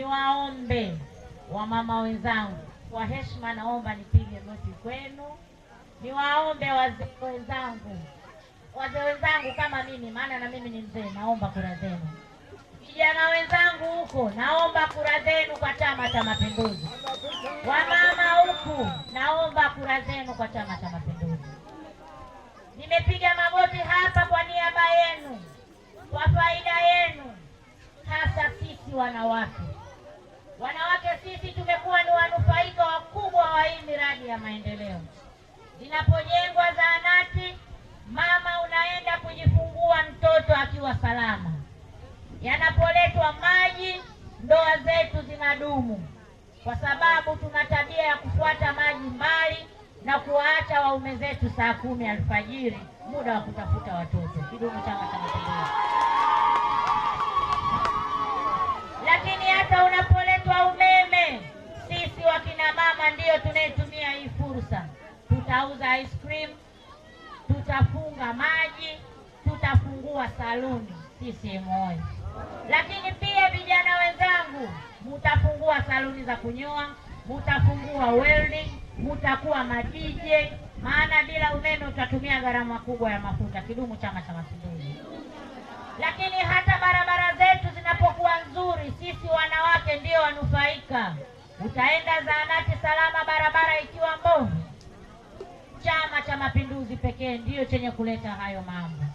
Niwaombe wamama wenzangu, kwa heshima naomba nipige goti kwenu. Niwaombe wazee wenzangu, wazee wenzangu kama mimi, maana na mimi ni mzee, naomba kura zenu. Vijana wenzangu huko, naomba kura zenu kwa Chama cha Mapinduzi. Wamama huku, naomba kura zenu kwa Chama cha Mapinduzi. Nimepiga magoti hapa kwa niaba yenu, kwa faida yenu, hasa sisi wanawake Wanawake sisi tumekuwa ni wanufaika wakubwa wa hii miradi ya maendeleo. Zinapojengwa zahanati, mama unaenda kujifungua mtoto akiwa salama. Yanapoletwa maji, ndoa zetu zinadumu, kwa sababu tuna tabia ya kufuata maji mbali na kuwaacha waume zetu saa kumi alfajiri, muda wa kutafuta watoto. Kidumu Chama cha Mapinduzi! kina mama ndiyo tunayetumia hii fursa. Tutauza ice cream, tutafunga maji, tutafungua saluni sisimuoye. Lakini pia vijana wenzangu, mutafungua saluni za kunyoa, mutafungua welding, mutakuwa DJ, maana bila umeme utatumia gharama kubwa ya mafuta. Kidumu Chama cha Mapinduzi! Lakini hata barabara zetu zinapokuwa nzuri, sisi wanawake ndio wanufaika. Utaenda zahanati salama, barabara ikiwa mbovu. Chama cha Mapinduzi pekee ndiyo chenye kuleta hayo mambo.